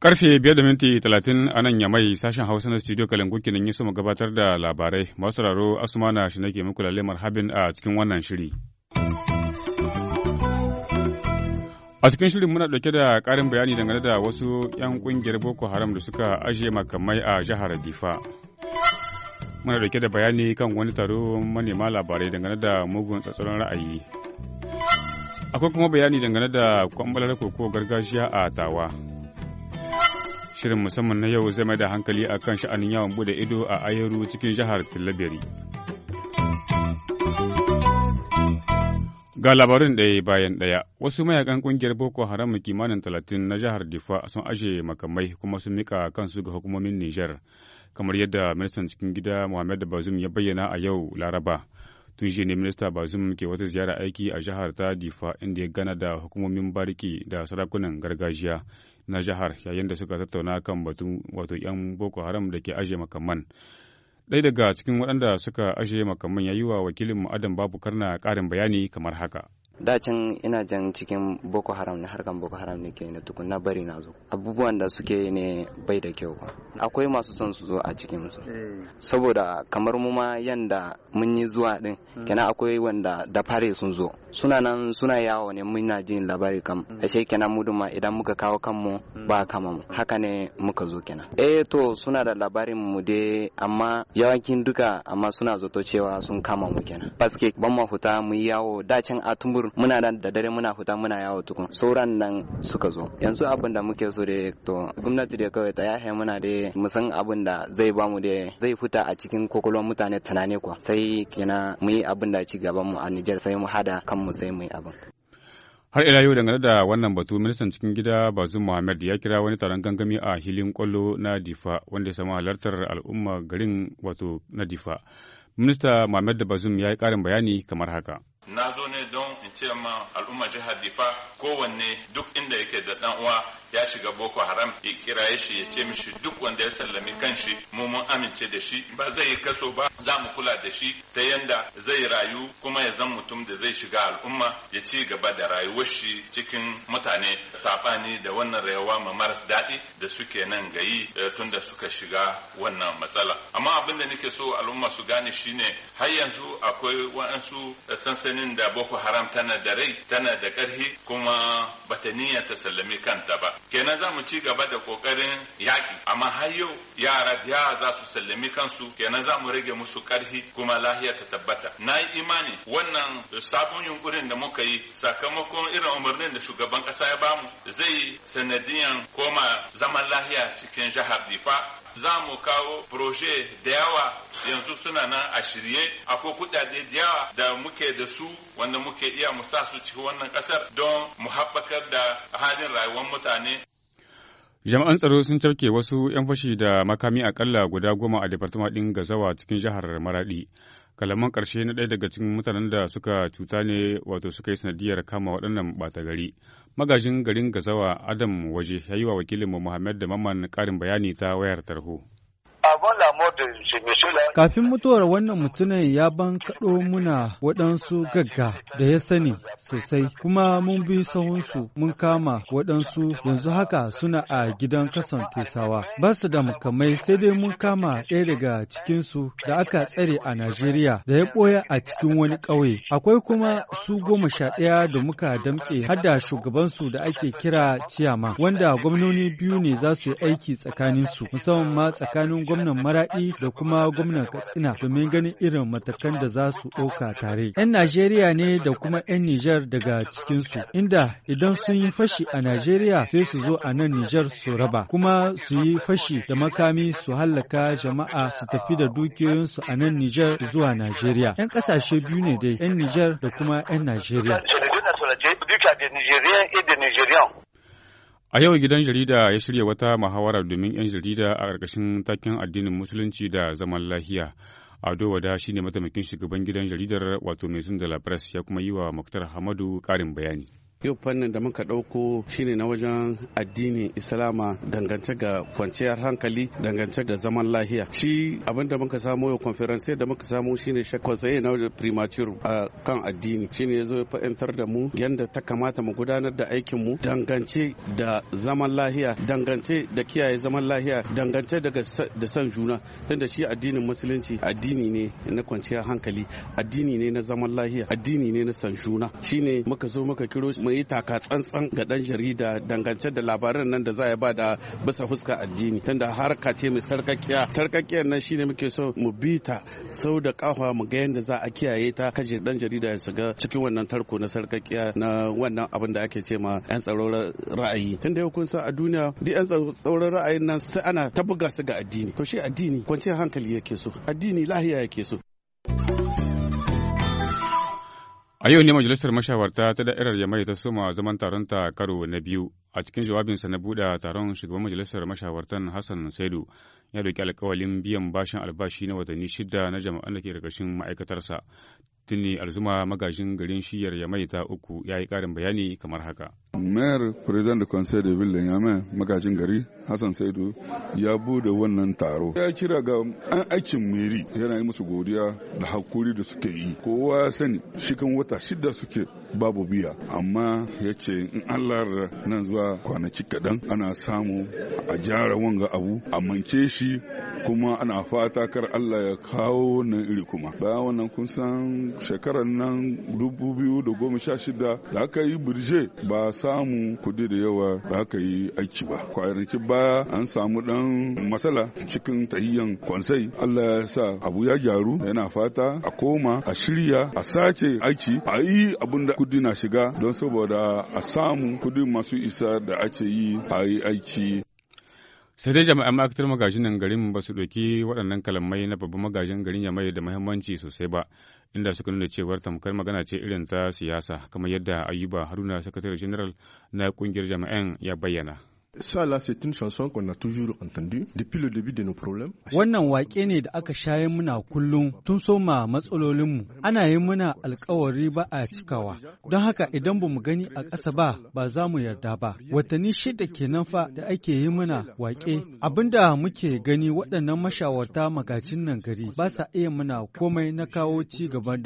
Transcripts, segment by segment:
Karfe biyar da minti talatin a nan yamai sashen Hausa na studio Kalangu kenan yi mu gabatar da labarai. Masu raro Asumana shi nake muku lalle marhabin a cikin wannan shiri. A cikin shirin muna ɗauke da ƙarin bayani dangane da wasu 'yan ƙungiyar Boko Haram da suka ajiye makamai a jihar Difa. Muna dauke da bayani kan wani taro manema labarai dangane da mugun tsatsuran ra'ayi. Akwai kuma bayani dangane da kwambalar koko gargajiya a Tawa. Shirin musamman na yau zai mai da hankali a kan sha'anin yawon bude ido a ayaru cikin jihar Tillaberi. Ga labarin ɗaya bayan ɗaya, wasu mayakan ƙungiyar Boko Haram kimanin talatin na jihar Difa sun ajiye makamai kuma sun mika kansu ga hukumomin Nijar. kamar yadda ministan cikin gida Muhammad Bazum ya bayyana a yau Laraba. Tun shi ne minista Bazum ke wata ziyara aiki a jihar ta Difa inda ya gana da hukumomin bariki da sarakunan gargajiya na jihar yayin da suka tattauna kan batun wato 'yan Boko Haram da ke aje makaman. Ɗaya daga cikin waɗanda suka ajiye makaman ya yi wa wakilin Adam Babu Karna karin bayani kamar haka. da can ina jan cikin boko haram ne harkar boko haram ne ke ne tukun na bari na zo abubuwan da suke ne bai da kyau ba akwai masu son su zo a cikin su eh. saboda kamar mu ma yanda mun yi zuwa din hmm. kenan akwai wanda da fare sun zo suna nan suna yawo ne muna jin labari kam mm. ashe kenan mu ma idan muka kawo kanmu mm. ba kama mu haka ne muka zo kenan eh to suna da labarin mu de amma yawancin duka amma suna zato cewa sun kama mu kenan paske ban ma huta mu yawo dacin atumbur muna nan da dare muna huta muna yawo tukun sauran nan suka zo yanzu abin da muke so da to gwamnati da kawai ta yahe muna da mu san abin da zai ba mu de zai futa a cikin kokolon mutane tunane kuwa sai kenan mu yi abin da ci gaban mu a Niger sai mu hada kan mu sai mu yi abin har ila yau dangane da wannan batu ministan cikin gida bazum muhammad ya kira wani taron gangami a hilin kwallo na difa wanda ya samu halartar al'umma garin wato na difa minista muhammad bazum ya yi ƙarin bayani kamar haka na zo ne don in ce ma al'umma jihar difa kowanne duk inda yake da dan uwa ya shiga boko haram ya kiraye shi ya ce mishi duk wanda ya sallami kanshi mu mun amince da shi ba zai yi kaso ba za mu kula da shi ta yanda zai rayu kuma ya zan mutum da zai shiga al'umma ya ci gaba da rayuwar shi cikin mutane sabani da wannan rayuwa ma maras daɗi da suke nan gayi eh, tun da suka shiga wannan matsala amma abin da nake so al'umma su gane shine har yanzu akwai wa'ansu eh, sansan martanin da Boko Haram tana da rai tana da ƙarfi kuma bata niyya ta sallami kanta ba kenan za mu ci gaba da ƙoƙarin yaƙi amma har yau yara da za su sallami kansu kenan za mu rage musu ƙarfi kuma lahiya ta tabbata na yi imani wannan sabon yunkurin da muka yi sakamakon irin umarnin da shugaban ƙasa ya bamu zai sanadiyan koma zaman lahiya cikin jihar Difa za mu kawo proje da yawa yanzu suna nan a shirye akwai kudade da yawa da muke da su wanda muke iya mu sa su cikin wannan kasar don mu haɓakar da halin rayuwar mutane jama'an tsaro sun cafke wasu 'yan fashi da makami akalla guda goma a departama ɗin gazawa cikin jihar maradi kalaman ƙarshe na ɗaya daga cikin mutanen da suka cuta ne wato suka yi sanadiyar kama waɗannan ɓata gari magajin garin gazawa adam waje ya yi wa wakilinmu muhammad da maman ƙarin bayani ta wayar tarho Kafin mutuwar wannan mutumin ya ban kaɗo muna waɗansu gagga da ya sani sosai, kuma mun bi sahunsu mun kama waɗansu yanzu haka suna a gidan kasan tesawa. Ba su da makamai sai dai mun kama ɗaya daga cikinsu da aka tsare a Najeriya da ya ɓoya a cikin wani ƙauye. Akwai kuma su goma sha ɗaya da muka damƙe har da shugabansu da ake kira ciyama, wanda gwamnoni biyu ne za su yi aiki tsakaninsu, musamman ma tsakanin gwamnan Maraɗi da kuma gwamnan Katsina domin ganin irin matakan da za su ɗauka tare. 'Yan Najeriya ne da kuma 'yan Nijar daga cikinsu, inda idan sun yi fashi a Najeriya sai su zo a nan Nijar su raba, kuma su yi fashi da makami su hallaka jama'a su tafi da dukiyoyinsu a nan Nijar zuwa Najeriya. 'Yan ƙasashe biyu ne dai, 'yan Nijar da kuma 'yan Najeriya. A yau gidan jarida ya shirya wata muhawara domin 'yan jarida a ƙarƙashin taken addinin musulunci da zaman lahiya. Ado Wada shi ne mataimakin shugaban gidan jaridar wato mai sun da ya kuma yi wa Muktar Hamadu ƙarin bayani. yau fannin da muka ɗauko shine na wajen addinin islama dangance ga kwanciyar hankali dangance da zaman lahiya shi abin da muka samu yau conference da muka samu shine kwatsaye na primature a kan addini shine ya zo ya fa'intar da mu yadda ta kamata mu gudanar da aikin mu dangance da zaman lahiya dangance da kiyaye zaman lahiya dangance da san juna tunda shi addinin musulunci addini ne na kwanciyar hankali addini ne na zaman lahiya addini ne na san juna shine muka zo muka kiro mu yi taka tsantsan ga dan jarida dangance da labaran nan da za ya da bisa fuska addini tunda harka ce mai sarkakkiya sarkakkiyar nan shine muke so mu bi ta sau da kafa mu ga yadda za a kiyaye ta kaje dan jarida ya shiga cikin wannan tarko na sarkakkiya na wannan abin da ake ce ma yan ra'ayi tunda yau kun san a duniya duk yan tsaro ra'ayin nan sai ana ta buga su ga addini to shi addini kwanciyar hankali yake so addini lahiya yake so A yau ne majalisar mashawarta ta da'irar Yamai ta soma zaman taron ta karo na biyu. A cikin jawabinsa na buɗe taron shugaban majalisar mashawartan Hassan Saidu ya doki alkawalin biyan bashin albashi na watanni shida na jama'an da ke ƙarƙashin ma'aikatarsa. Tuni alzuma magajin garin shiyar Yamai ta uku ya yi ƙarin bayani kamar haka. Mayar President da Conseil de Ville mai magajin gari Hassan Saidu ya bude wannan taro. Ya kira ga an aikin meri yana yi musu godiya da hakuri da suke yi. Kowa ya sani shikan wata shida suke babu biya amma ya ce in Allah nan zuwa kwanaki kaɗan ana samu a gyara wanga abu a mance shi kuma ana fata kar Allah ya kawo nan iri kuma bayan wannan kun san shekarar nan 2016 da aka yi birje ba samu kudi da yawa da haka yi aiki ba kwanakin baya an samu dan matsala cikin tayyan konsai allah ya sa abu ya gyaru yana fata a koma a shirya a sace aiki a yi abin da kudi na shiga don saboda a samu kudi masu isa da ake yi a yi aiki sai dai jama'an ma'aikatar magajinan garin ba su ɗauki waɗannan kalamai na babban magajin garin ya mai da muhimmanci sosai ba inda suka nuna cewar tamkar magana ce irin ta siyasa kamar yadda ayuba haruna sakatare general na ƙungiyar jami'an ya bayyana Ça là c'est une chanson qu'on a toujours entendu depuis le début de nos problèmes. Wannan waƙe ne da aka shaye muna kullum tun soma matsalolin mu Ana yi muna alkawari ba a cikawa. Don haka idan bamu gani a ƙasa ba ba za mu yarda ba. Watanni shida kenan fa da ake yi muna waƙe. Abinda muke gani waɗannan mashawarta magajin nan gari ba sa iya muna komai na kawo ci gaban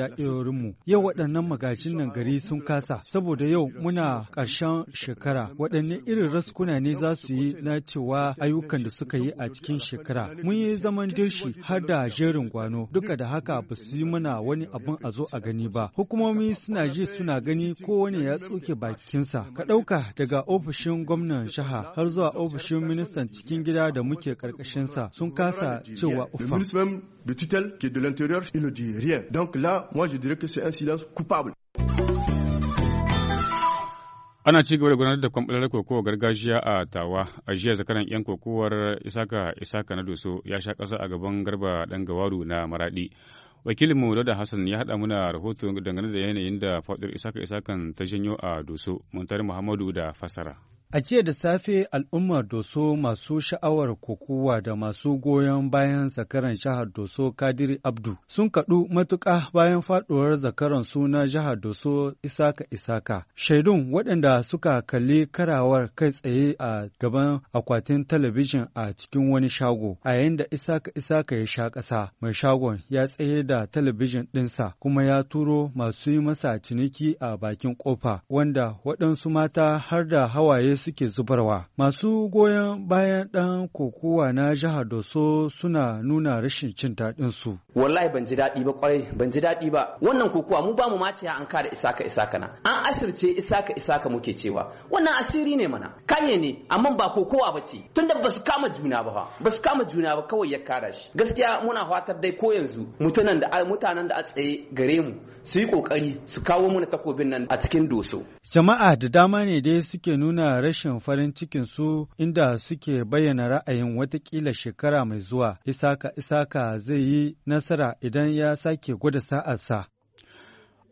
mu. Yau waɗannan magajin nan gari sun kasa saboda yau muna ƙarshen shekara waɗanne irin raskuna ne za su yi na cewa ayyukan da suka yi a cikin shekara. Mun yi zaman dirshi har da jerin gwano duka da haka ba su yi mana wani abun a zo a gani ba. Hukumomi suna ji suna gani kowane ya tsoke bakinsa. Ka ɗauka daga ofishin gwamnan shaha har zuwa ofishin ministan cikin gida da muke ƙarƙashinsa sun kasa cewa ufa. de tutelle qui est de l'intérieur, il ne dit rien. Donc là, moi, je dirais que c'est un silence coupable. Ana ci gaba da gudanar da kwamɓalar kokowa gargajiya a Tawa, a jiya zakaran 'yan kokowar Isaka Isaka na Doso ya sha ƙasa a gaban garba ɗan gawaru na Maraɗi. Wakilinmu da Hassan ya haɗa muna rahoto dangane da yanayin da faɗin Isaka Isakan ta janyo a Doso, Muntari Muhammadu da Fasara. A jiya da safe al'ummar Doso masu sha'awar kokowa da masu goyon bayan zakaran jihar Doso Kadiri Abdu sun kaɗu matuƙa bayan faɗuwar zakaran suna jihar Doso Isaka Isaka. Shaidun waɗanda suka kalli karawar kai tsaye a gaban akwatin talabijin a cikin wani shago, a yayin da Isaka Isaka ya sha ƙasa, mai shagon ya tsaye da talabijin ɗinsa kuma ya turo masu yi masa ciniki a bakin ƙofa, wanda waɗansu mata har da hawaye suke zubarwa. Masu goyon bayan ɗan kokowa na jihar Doso suna nuna rashin cin daɗin su. Wallahi ban ji daɗi ba kwarai ban ji daɗi ba. Wannan kokowa mu ba mu mace an da isaka isaka na. An asirce isaka isaka muke cewa. Wannan asiri ne mana. Kanye ne amma ba kokowa ba ce. Tunda ba su kama juna ba ba su kama juna ba kawai ya kara shi. Gaskiya muna fatar dai ko yanzu mutanen da mutanen da a tsaye gare mu su yi kokari su kawo mana takobin nan a cikin doso. Jama'a da dama ne dai suke nuna rashin farin cikin su inda suke bayyana ra'ayin watakila shekara mai zuwa isaka isaka zai yi nasara idan ya sake gwada sa'arsa.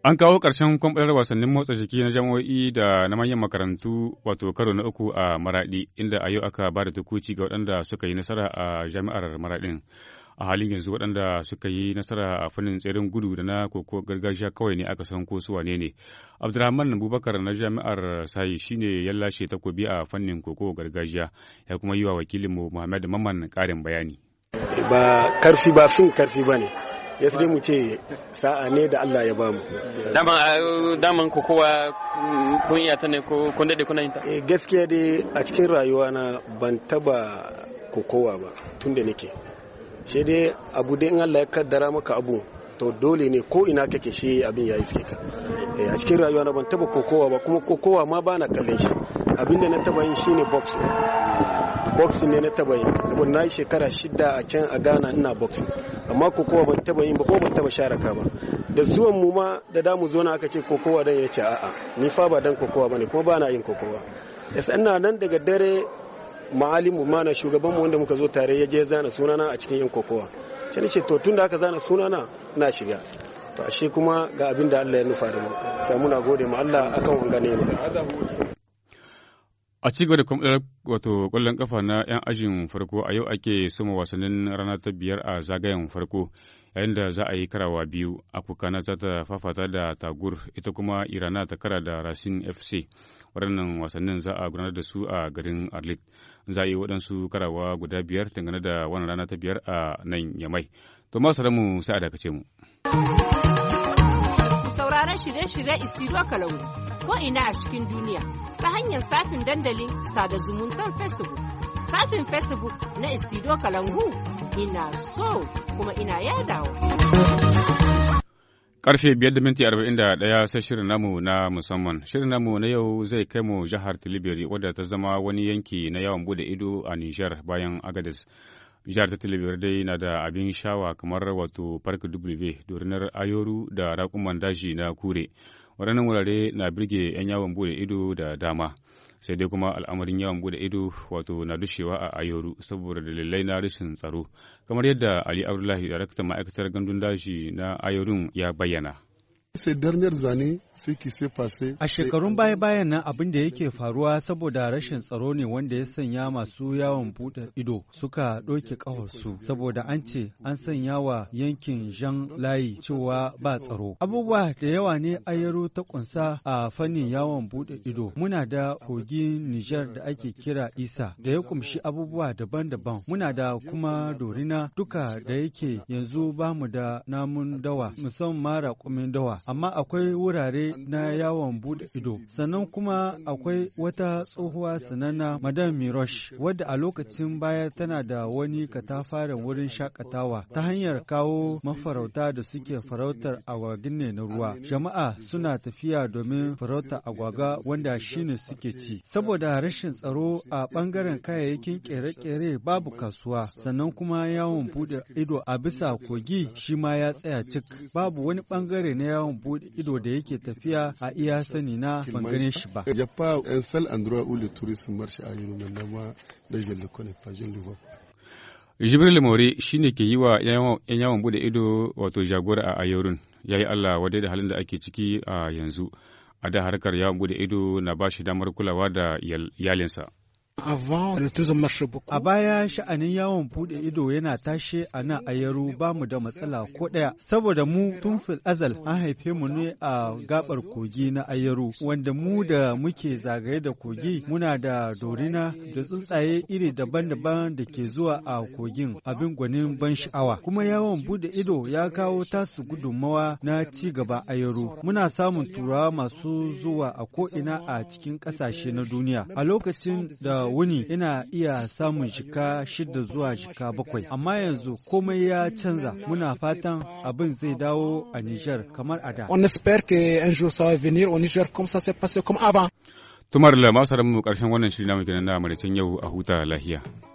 An kawo ƙarshen kwamfutar wasannin motsa jiki na jami'o'i da na manyan makarantu wato karo na uku a Maraɗi, inda a yau aka ba da tukuci ga waɗanda suka yi nasara a jami'ar Maraɗin. a halin yanzu waɗanda suka yi nasara a fannin tseren gudu da na koko gargajiya kawai ne aka san ko su wane ne abdulrahman abubakar na jami'ar sayi shine ya lashe takobi a fannin koko gargajiya ya kuma yi wa wakilinmu muhammad Mamman ƙarin bayani ba karfi ba fin karfi ba ya sai mu ce sa'a ne da Allah ya ba bamu daman daman ku kowa kun iya ta ne ko kun dade kuna yinta eh, gaskiya dai a cikin rayuwa na ban taba kokowa ba tunda nake shi dai abu dai in Allah ya kaddara maka abu to dole ne ko ina kake shi abin ya iske ka eh, a cikin rayuwa na ban taba kokowa ba kuma kokowa ma ba na kallon shi abin da na taba yin shine boxing boxing ne na taba yin saboda na yi shekara shida a can a Ghana ina boxing amma kokowa ban taba yin ba ko ban taba sharaka ba da zuwan mu ma da damu zo na aka ce kokowa dan ya ce a'a ni fa ba dan kokowa bane kuma ba na yin kokowa yasa ina nan daga dare ma'alimu mana shugabanmu wanda muka zo tare ya je zana sunana a cikin yan kokowa shi ne ce to tun da aka zana sunana na shiga to ashe kuma ga abin da Allah ya nufa da mu samu na gode ma Allah akan wanga ne a ci gaba da kwamfutar wato kwallon kafa na 'yan ajin farko a yau ake soma wasannin rana ta biyar a zagayen farko inda za a yi karawa biyu akukana za ta fafata da tagur ita kuma irana ta kara da rasin fc waɗannan wasannin za a gudanar da su a garin arlit za a yi waɗansu karawa guda biyar dangane da wannan rana ta biyar a nan yamai to masu ramu sai a dakace mu sauraron shirye-shirye istiro kalangu ko ina a cikin duniya ta hanyar safin dandalin sada zumuntar facebook safin facebook na istiro kalangu ina so kuma ina yadawa. Karfe biyar da sai shirin namu na musamman. Shirin namu na yau zai kai mu jihar Tilibiri wadda ta zama wani yanki na yawan bude ido a Nijar bayan Agadez. jihar ta Tilibiri dai na da abin shawa kamar wato park w dorinar ayoru da raƙuman daji na kure waɗannan wurare na birge 'yan yawon bude ido da dama sai dai kuma al'amarin yawan bude ido wato na dushewa a ayoru saboda dalilai na rashin tsaro kamar yadda ali abdullahi daraktan ma'aikatar gandun daji na ayorun ya bayyana A shekarun baya-bayan nan abin da yake faruwa saboda rashin tsaro ne wanda ya sanya masu yawon buɗe ido suka ɗauke ƙafarsu saboda an ce an sanya wa yankin Jean Layi cewa ba tsaro. Abubuwa da yawa ne ayaro ta ƙunsa a fannin yawon buɗe ido. Muna da kogin Nijar da ake kira Isa da ya kumshi abubuwa daban-daban. Muna da kuma Dorina duka da yake yanzu ba mu da namun dawa musamman mara kumin dawa. amma akwai wurare na yawon bude ido. Sannan kuma akwai wata tsohuwa sanana Madam Mirosh wadda a lokacin baya tana da wani katafaren wurin shakatawa ta hanyar kawo mafarauta da suke farautar agwagin ne na ruwa. Jama'a suna tafiya domin farautar agwaga wanda shine suke ci. Saboda rashin tsaro a bangaren kayayyakin kere-kere babu kasuwa sannan kuma yawon bude ido a bisa kogi shi ma ya tsaya cik babu wani ɓangare na yawon yawon bude ido da yake tafiya a iya sani na ban gane shi ba. Ya fa un seul endroit où le tourisme marche à je le connais pas, je le vois pas. Jibril Mori shi ne ke yi wa 'yan yawon bude ido wato jagora a Ayorun, ya yi Allah wadai da halin da ake ciki a yanzu, a da harkar yawon bude ido na ba shi damar kulawa da iyalinsa. A baya sha'anin yawon bude ido yana tashe a nan a yaro ba mu da matsala ko ɗaya, saboda mu tun fil azal an haife mu ne a gabar kogi na ayaru wanda mu da muke zagaye da kogi muna da dorina da tsuntsaye iri daban-daban da ke zuwa a kogin abin gwanin ban sha'awa. Kuma yawon bude ido ya kawo tasu gudunmawa na ci gaba a yaro. Muna samun turawa masu zuwa a ko'ina a cikin ƙasashe na duniya. A lokacin da wuni ina iya samun shika shida zuwa shika bakwai, amma yanzu komai ya canza muna fatan abin zai dawo a Nijar kamar a da. On espère que un jour ça va venir au Niger comme ça Tumar la masu mu karshen wannan shirin namu kenan na yau a huta lahiya.